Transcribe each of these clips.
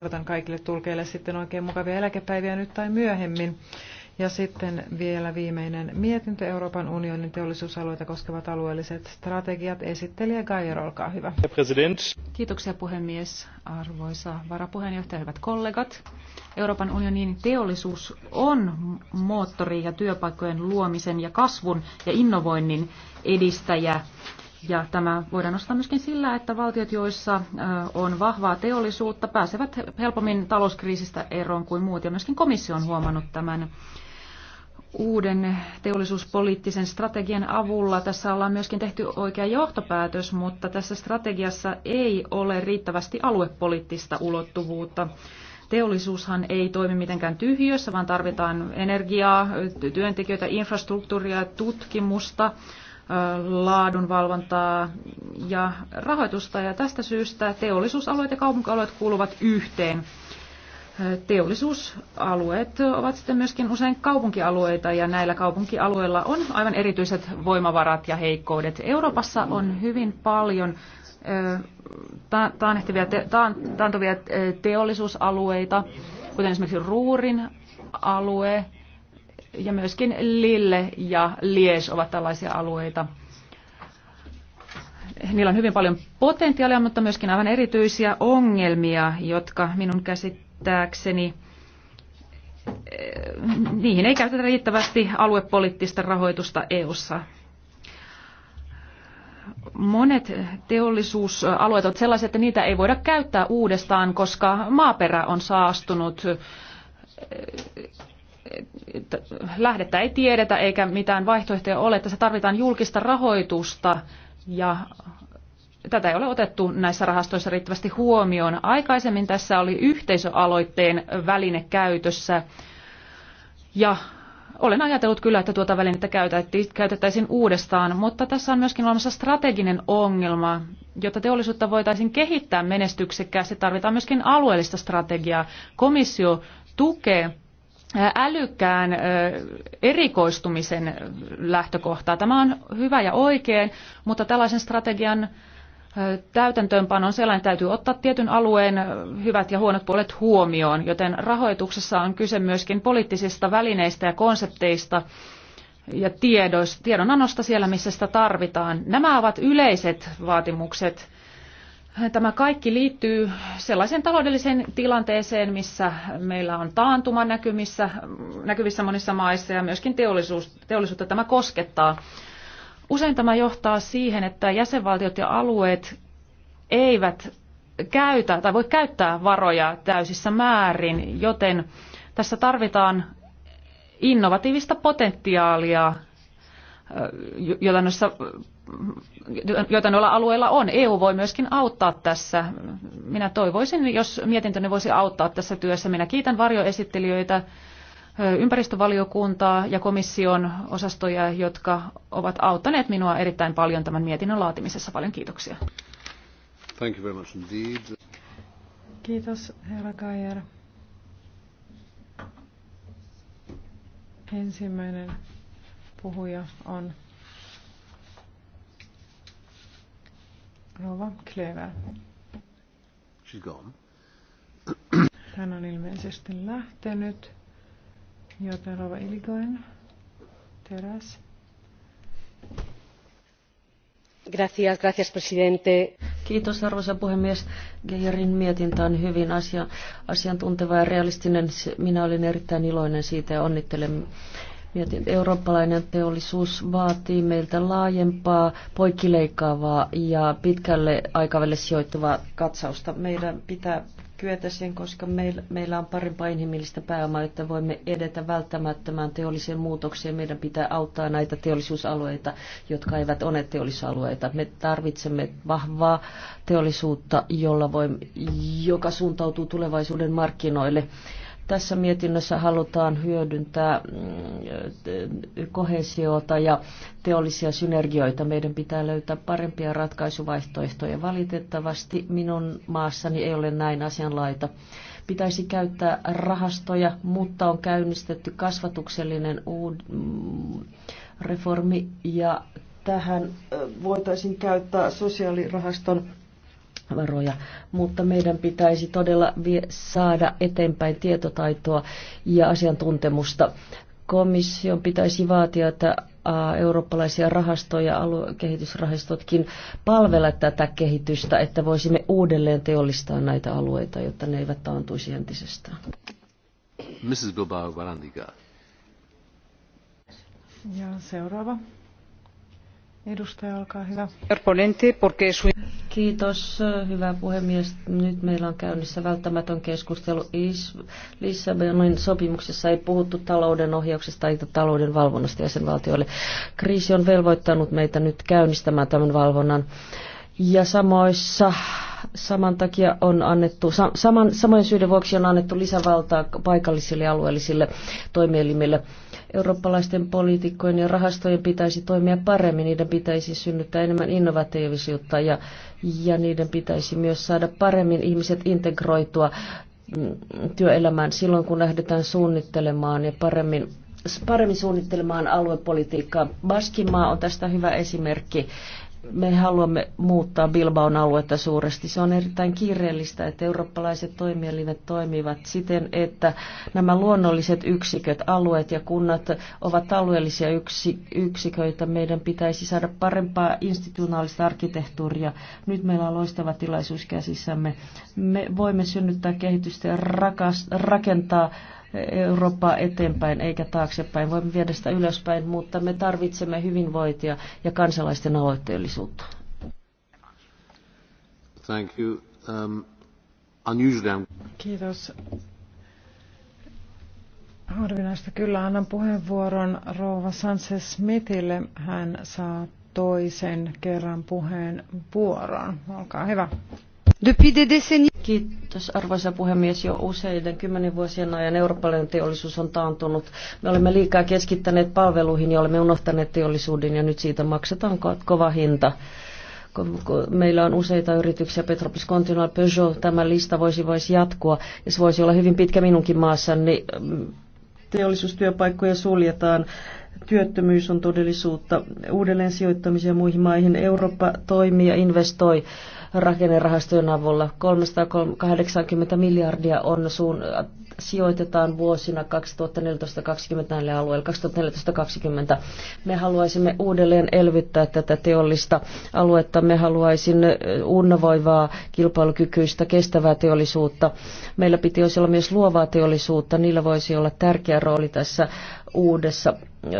toivotan kaikille tulkeille sitten oikein mukavia eläkepäiviä nyt tai myöhemmin. Ja sitten vielä viimeinen mietintö Euroopan unionin teollisuusalueita koskevat alueelliset strategiat. Esittelijä Gajer, olkaa hyvä. Kiitoksia puhemies, arvoisa varapuheenjohtaja, hyvät kollegat. Euroopan unionin teollisuus on moottori ja työpaikkojen luomisen ja kasvun ja innovoinnin edistäjä ja tämä voidaan nostaa myöskin sillä, että valtiot, joissa on vahvaa teollisuutta, pääsevät helpommin talouskriisistä eroon kuin muut. Ja myöskin komissio on huomannut tämän uuden teollisuuspoliittisen strategian avulla. Tässä ollaan myöskin tehty oikea johtopäätös, mutta tässä strategiassa ei ole riittävästi aluepoliittista ulottuvuutta. Teollisuushan ei toimi mitenkään tyhjössä, vaan tarvitaan energiaa, työntekijöitä, infrastruktuuria, tutkimusta, laadunvalvontaa ja rahoitusta. Ja tästä syystä teollisuusalueet ja kaupunkialueet kuuluvat yhteen. Teollisuusalueet ovat sitten myöskin usein kaupunkialueita ja näillä kaupunkialueilla on aivan erityiset voimavarat ja heikkoudet. Euroopassa on hyvin paljon taannehtivia, taantuvia teollisuusalueita, kuten esimerkiksi Ruurin alue, ja myöskin Lille ja Lies ovat tällaisia alueita. Niillä on hyvin paljon potentiaalia, mutta myöskin aivan erityisiä ongelmia, jotka minun käsittääkseni eh, niihin ei käytetä riittävästi aluepoliittista rahoitusta EU:ssa. Monet teollisuusalueet ovat sellaisia, että niitä ei voida käyttää uudestaan, koska maaperä on saastunut eh, lähdettä ei tiedetä eikä mitään vaihtoehtoja ole. Tässä tarvitaan julkista rahoitusta ja tätä ei ole otettu näissä rahastoissa riittävästi huomioon. Aikaisemmin tässä oli yhteisöaloitteen väline käytössä ja olen ajatellut kyllä, että tuota välinettä käytettäisiin uudestaan, mutta tässä on myöskin olemassa strateginen ongelma. Jotta teollisuutta voitaisiin kehittää menestyksekkäästi, tarvitaan myöskin alueellista strategiaa. Komissio tukee älykkään erikoistumisen lähtökohtaa. Tämä on hyvä ja oikein, mutta tällaisen strategian täytäntöönpanon sellainen täytyy ottaa tietyn alueen hyvät ja huonot puolet huomioon, joten rahoituksessa on kyse myöskin poliittisista välineistä ja konsepteista ja tiedonannosta siellä, missä sitä tarvitaan. Nämä ovat yleiset vaatimukset Tämä kaikki liittyy sellaiseen taloudelliseen tilanteeseen, missä meillä on taantuma näkymissä, näkyvissä monissa maissa ja myöskin teollisuus, teollisuutta tämä koskettaa. Usein tämä johtaa siihen, että jäsenvaltiot ja alueet eivät käytä tai voi käyttää varoja täysissä määrin, joten tässä tarvitaan innovatiivista potentiaalia, jota noissa joita noilla alueilla on. EU voi myöskin auttaa tässä. Minä toivoisin, jos mietintönne voisi auttaa tässä työssä. Minä kiitän varjoesittelijöitä, ympäristövaliokuntaa ja komission osastoja, jotka ovat auttaneet minua erittäin paljon tämän mietinnön laatimisessa. Paljon kiitoksia. Thank you very much indeed. Kiitos, herra Kajer. Ensimmäinen puhuja on Rova Klöver. She's gone. Hän on ilmeisesti lähtenyt, joten Rova Iligoen, teräs. Gracias, gracias, presidente. Kiitos arvoisa puhemies. Geijerin mietintä on hyvin asia, asiantunteva ja realistinen. Minä olin erittäin iloinen siitä ja onnittelen Eurooppalainen teollisuus vaatii meiltä laajempaa, poikkileikkaavaa ja pitkälle aikavälille sijoittuvaa katsausta. Meidän pitää kyetä sen, koska meillä, meillä on parempaa inhimillistä pääomaa, että voimme edetä välttämättömään teolliseen muutokseen. Meidän pitää auttaa näitä teollisuusalueita, jotka eivät ole teollisuusalueita. Me tarvitsemme vahvaa teollisuutta, jolla voi, joka suuntautuu tulevaisuuden markkinoille. Tässä mietinnössä halutaan hyödyntää mm, kohesiota ja teollisia synergioita. Meidän pitää löytää parempia ratkaisuvaihtoehtoja. Valitettavasti minun maassani ei ole näin asianlaita pitäisi käyttää rahastoja, mutta on käynnistetty kasvatuksellinen mm, reformi ja tähän voitaisiin käyttää sosiaalirahaston varoja, mutta meidän pitäisi todella saada eteenpäin tietotaitoa ja asiantuntemusta. Komission pitäisi vaatia, että eurooppalaisia rahastoja, aluekehitysrahastotkin palvella tätä kehitystä, että voisimme uudelleen teollistaa näitä alueita, jotta ne eivät taantuisi entisestään. Mrs. Bilbao Varandiga. Ja seuraava. Edustaja, olkaa hyvä. Kiitos, hyvä puhemies. Nyt meillä on käynnissä välttämätön keskustelu. Lissabonin sopimuksessa ei puhuttu talouden ohjauksesta tai talouden valvonnasta jäsenvaltioille. Kriisi on velvoittanut meitä nyt käynnistämään tämän valvonnan. Ja samoissa saman takia on annettu, saman, samojen syiden vuoksi on annettu lisävaltaa paikallisille ja alueellisille toimielimille Eurooppalaisten poliitikkojen ja rahastojen pitäisi toimia paremmin, niiden pitäisi synnyttää enemmän innovatiivisuutta ja, ja niiden pitäisi myös saada paremmin ihmiset integroitua mm, työelämään silloin, kun lähdetään suunnittelemaan ja paremmin paremmin suunnittelemaan aluepolitiikkaa. Baskimaa on tästä hyvä esimerkki me haluamme muuttaa Bilbaon aluetta suuresti. Se on erittäin kiireellistä, että eurooppalaiset toimielimet toimivat siten, että nämä luonnolliset yksiköt, alueet ja kunnat ovat alueellisia yksiköitä. Meidän pitäisi saada parempaa institutionaalista arkkitehtuuria. Nyt meillä on loistava tilaisuus käsissämme. Me voimme synnyttää kehitystä ja rakas, rakentaa Eurooppaa eteenpäin eikä taaksepäin. Voimme viedä sitä ylöspäin, mutta me tarvitsemme hyvinvointia ja kansalaisten aloitteellisuutta. Thank you. Um, unusual. Kiitos. Harvinaista kyllä annan puheenvuoron rouva Sanchez Smithille. Hän saa toisen kerran puheen vuoron. Olkaa hyvä. Depuis des décennies... Kiitos arvoisa puhemies. Jo useiden kymmenen vuosien ajan eurooppalainen teollisuus on taantunut. Me olemme liikaa keskittäneet palveluihin ja olemme unohtaneet teollisuuden ja nyt siitä maksetaan kova hinta meillä on useita yrityksiä, Petropis Continental, Peugeot, tämä lista voisi, voisi jatkua, ja se voisi olla hyvin pitkä minunkin maassa, niin teollisuustyöpaikkoja suljetaan, työttömyys on todellisuutta. Uudelleen sijoittamisia muihin maihin Eurooppa toimii ja investoi rakennerahastojen avulla. 380 miljardia on suun, sijoitetaan vuosina 2014-2020 näille alueille, 2014-2020. Me haluaisimme uudelleen elvyttää tätä teollista aluetta. Me haluaisin unnavoivaa kilpailukykyistä, kestävää teollisuutta. Meillä piti olla myös luovaa teollisuutta. Niillä voisi olla tärkeä rooli tässä uudessa.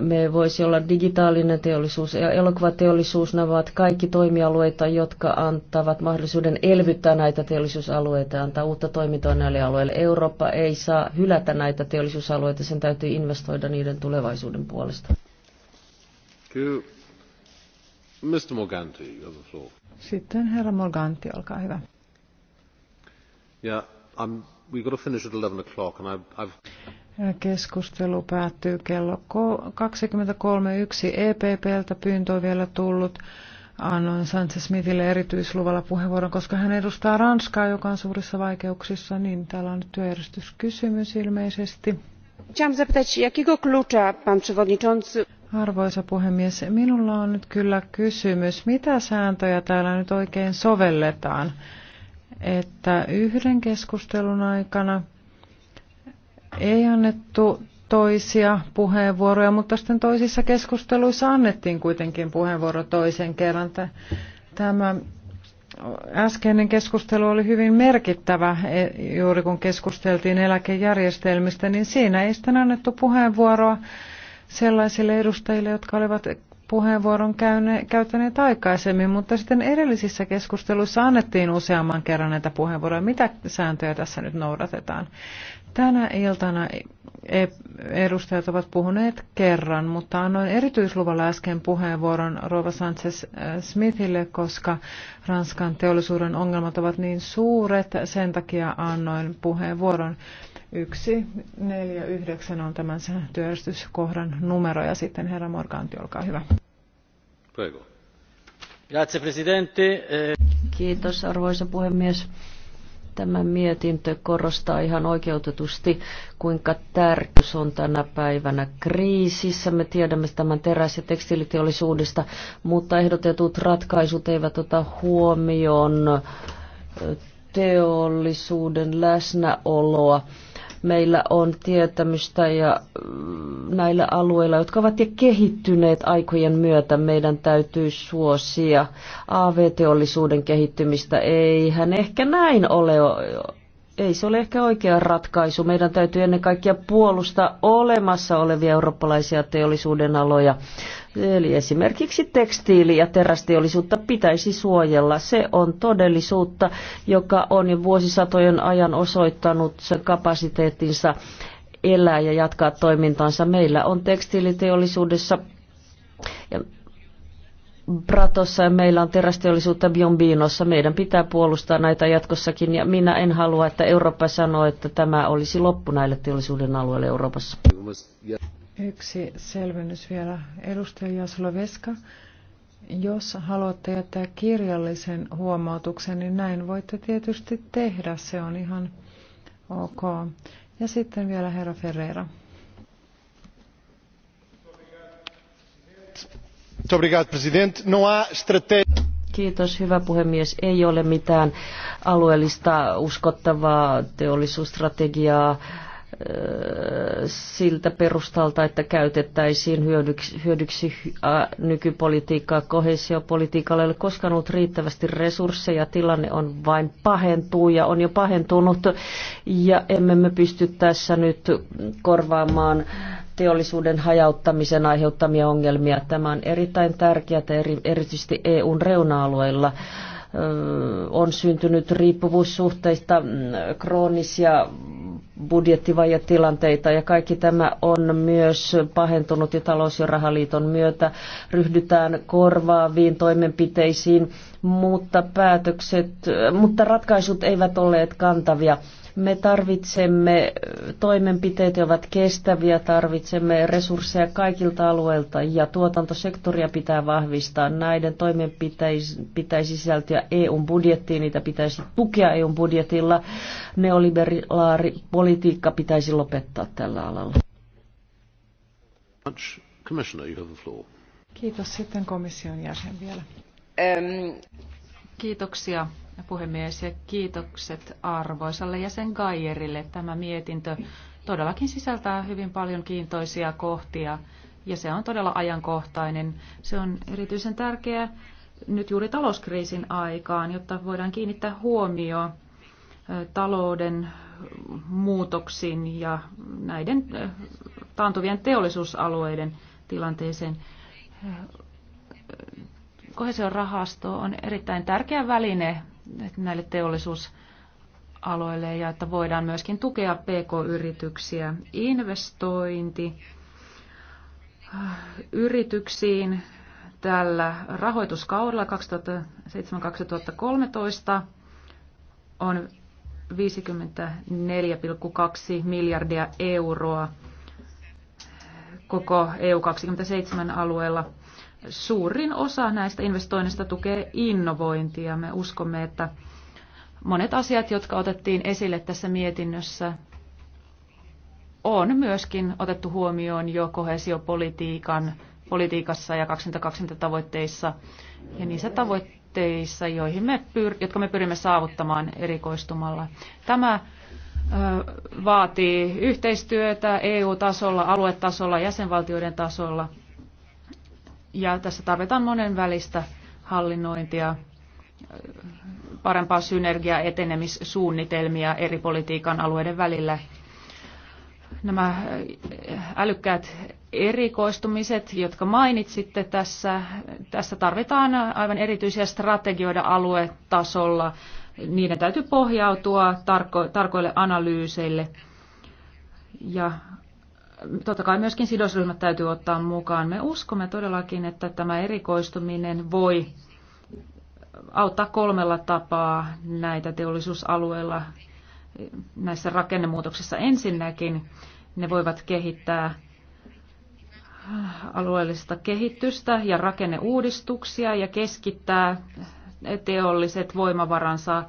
Me voisi olla digitaalinen teollisuus ja elokuvateollisuus, nämä ovat kaikki toimialueita, jotka antavat mahdollisuuden elvyttää näitä teollisuusalueita ja antaa uutta toimintaa näille alueille. Eurooppa ei saa hylätä näitä teollisuusalueita, sen täytyy investoida niiden tulevaisuuden puolesta. Mr. Morganti, Sitten herra Morganti, olkaa hyvä. Yeah, I'm, um, we got to finish at 11 o'clock and I've, I've... Keskustelu päättyy kello 23.1. EPPltä pyyntö on vielä tullut. Annoin Sanchez Smithille erityisluvalla puheenvuoron, koska hän edustaa Ranskaa, joka on suurissa vaikeuksissa, niin täällä on nyt työjärjestyskysymys ilmeisesti. Arvoisa puhemies, minulla on nyt kyllä kysymys, mitä sääntöjä täällä nyt oikein sovelletaan, että yhden keskustelun aikana ei annettu toisia puheenvuoroja, mutta sitten toisissa keskusteluissa annettiin kuitenkin puheenvuoro toisen kerran. Tämä äskeinen keskustelu oli hyvin merkittävä, e, juuri kun keskusteltiin eläkejärjestelmistä, niin siinä ei sitten annettu puheenvuoroa sellaisille edustajille, jotka olivat puheenvuoron käyne, käyttäneet aikaisemmin, mutta sitten edellisissä keskusteluissa annettiin useamman kerran näitä puheenvuoroja. Mitä sääntöjä tässä nyt noudatetaan? Tänä iltana e- edustajat ovat puhuneet kerran, mutta annoin erityisluvalla äsken puheenvuoron Rova Sanchez äh, Smithille, koska Ranskan teollisuuden ongelmat ovat niin suuret. Sen takia annoin puheenvuoron. Yksi, neljä, yhdeksän on tämän työllistyskohdan numero ja sitten herra Morganti, olkaa hyvä. Prego. Grazie, eh, Kiitos, arvoisa puhemies. Tämä mietintö korostaa ihan oikeutetusti, kuinka tärkeys on tänä päivänä kriisissä. Me tiedämme tämän teräs- ja tekstiiliteollisuudesta, mutta ehdotetut ratkaisut eivät ota huomioon teollisuuden läsnäoloa meillä on tietämystä ja mm, näillä alueilla, jotka ovat jo kehittyneet aikojen myötä, meidän täytyy suosia AV-teollisuuden kehittymistä. Eihän ehkä näin ole ei se ole ehkä oikea ratkaisu. Meidän täytyy ennen kaikkea puolustaa olemassa olevia eurooppalaisia teollisuuden aloja. Eli esimerkiksi tekstiili- ja terästeollisuutta pitäisi suojella. Se on todellisuutta, joka on jo vuosisatojen ajan osoittanut sen kapasiteettinsa elää ja jatkaa toimintansa. Meillä on tekstiiliteollisuudessa ja Bratossa ja meillä on terästeollisuutta Bionbiinossa. Meidän pitää puolustaa näitä jatkossakin ja minä en halua, että Eurooppa sanoo, että tämä olisi loppu näille teollisuuden alueille Euroopassa. Yksi selvennys vielä. Edustaja Veska, jos haluatte jättää kirjallisen huomautuksen, niin näin voitte tietysti tehdä. Se on ihan ok. Ja sitten vielä herra Ferreira. Kiitos, hyvä puhemies. Ei ole mitään alueellista uskottavaa teollisuusstrategiaa äh, siltä perustalta, että käytettäisiin hyödyksi, hyödyksi äh, nykypolitiikkaa. Kohesiopolitiikalla ei ole koskaan ollut riittävästi resursseja. Tilanne on vain pahentuu ja on jo pahentunut. Ja emme me pysty tässä nyt korvaamaan teollisuuden hajauttamisen aiheuttamia ongelmia. Tämä on erittäin tärkeää eri, erityisesti EUn reuna-alueilla on syntynyt riippuvuussuhteista mm, kroonisia budjettivajatilanteita ja kaikki tämä on myös pahentunut ja talous- ja rahaliiton myötä ryhdytään korvaaviin toimenpiteisiin, mutta päätökset, mutta ratkaisut eivät olleet kantavia me tarvitsemme toimenpiteet, ovat kestäviä, tarvitsemme resursseja kaikilta alueilta ja tuotantosektoria pitää vahvistaa. Näiden pitäisi sisältyä EUn budjettiin, niitä pitäisi tukea EUn budjetilla. Neoliberaali politiikka pitäisi lopettaa tällä alalla. Kiitos sitten komission jäsen vielä. Kiitoksia puhemies ja kiitokset arvoisalle jäsen Gaierille. Tämä mietintö todellakin sisältää hyvin paljon kiintoisia kohtia ja se on todella ajankohtainen. Se on erityisen tärkeä nyt juuri talouskriisin aikaan, jotta voidaan kiinnittää huomio talouden muutoksiin ja näiden taantuvien teollisuusalueiden tilanteeseen. Kohesion rahasto on erittäin tärkeä väline näille teollisuusaloille ja että voidaan myöskin tukea pk-yrityksiä. Investointi äh, yrityksiin tällä rahoituskaudella 2007-2013 on 54,2 miljardia euroa koko EU27 alueella – suurin osa näistä investoinnista tukee innovointia. Me uskomme, että monet asiat, jotka otettiin esille tässä mietinnössä, on myöskin otettu huomioon jo kohesiopolitiikan politiikassa ja 2020 tavoitteissa ja niissä tavoitteissa, joihin me pyr- jotka me pyrimme saavuttamaan erikoistumalla. Tämä vaatii yhteistyötä EU-tasolla, aluetasolla, jäsenvaltioiden tasolla – ja tässä tarvitaan monenvälistä hallinnointia, parempaa synergiaa, etenemissuunnitelmia eri politiikan alueiden välillä. Nämä älykkäät erikoistumiset, jotka mainitsitte tässä, tässä tarvitaan aivan erityisiä strategioita aluetasolla. Niiden täytyy pohjautua tarko, tarkoille analyyseille ja totta kai myöskin sidosryhmät täytyy ottaa mukaan. Me uskomme todellakin, että tämä erikoistuminen voi auttaa kolmella tapaa näitä teollisuusalueilla näissä rakennemuutoksissa. Ensinnäkin ne voivat kehittää alueellista kehitystä ja rakenneuudistuksia ja keskittää teolliset voimavaransa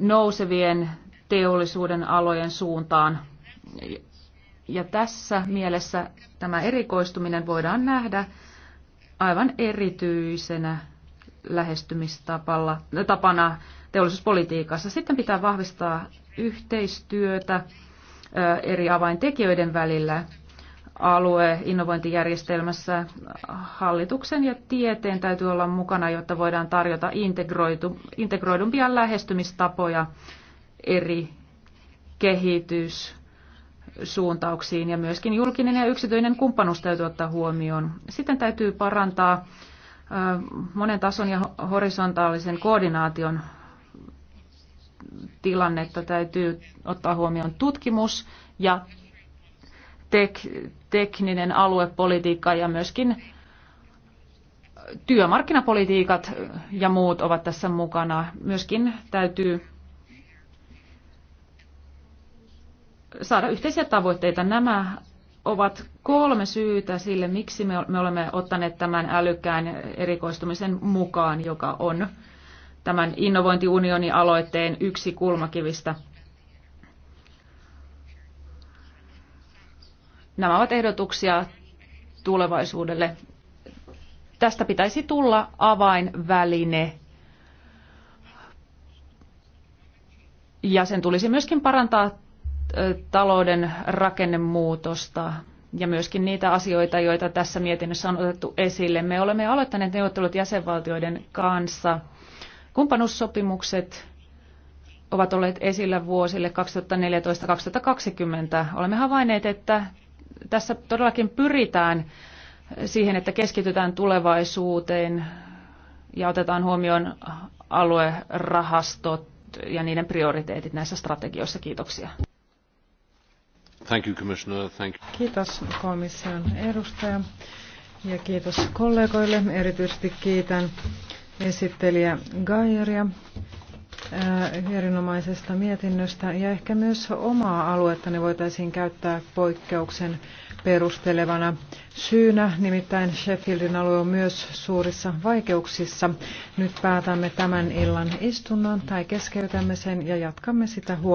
nousevien teollisuuden alojen suuntaan ja tässä mielessä tämä erikoistuminen voidaan nähdä aivan erityisenä lähestymistapana tapana teollisuuspolitiikassa. Sitten pitää vahvistaa yhteistyötä eri avaintekijöiden välillä alueinnovointijärjestelmässä hallituksen ja tieteen täytyy olla mukana, jotta voidaan tarjota integroitu, integroidumpia lähestymistapoja eri kehitys suuntauksiin ja myöskin julkinen ja yksityinen kumppanuus täytyy ottaa huomioon. Sitten täytyy parantaa monen tason ja horisontaalisen koordinaation tilannetta. Täytyy ottaa huomioon tutkimus ja tek- tekninen aluepolitiikka ja myöskin työmarkkinapolitiikat ja muut ovat tässä mukana. Myöskin täytyy saada yhteisiä tavoitteita. Nämä ovat kolme syytä sille, miksi me olemme ottaneet tämän älykkään erikoistumisen mukaan, joka on tämän innovointiunionin aloitteen yksi kulmakivistä. Nämä ovat ehdotuksia tulevaisuudelle. Tästä pitäisi tulla avainväline ja sen tulisi myöskin parantaa talouden rakennemuutosta ja myöskin niitä asioita, joita tässä mietinnössä on otettu esille. Me olemme aloittaneet neuvottelut jäsenvaltioiden kanssa. Kumppanuussopimukset ovat olleet esillä vuosille 2014-2020. Olemme havainneet, että tässä todellakin pyritään siihen, että keskitytään tulevaisuuteen ja otetaan huomioon aluerahastot ja niiden prioriteetit näissä strategioissa. Kiitoksia. Thank you, Commissioner. Thank you. Kiitos komission edustaja ja kiitos kollegoille. Erityisesti kiitän esittelijä Gaieria äh, erinomaisesta mietinnöstä ja ehkä myös omaa aluettani voitaisiin käyttää poikkeuksen perustelevana syynä. Nimittäin Sheffieldin alue on myös suurissa vaikeuksissa. Nyt päätämme tämän illan istunnon tai keskeytämme sen ja jatkamme sitä huomenna.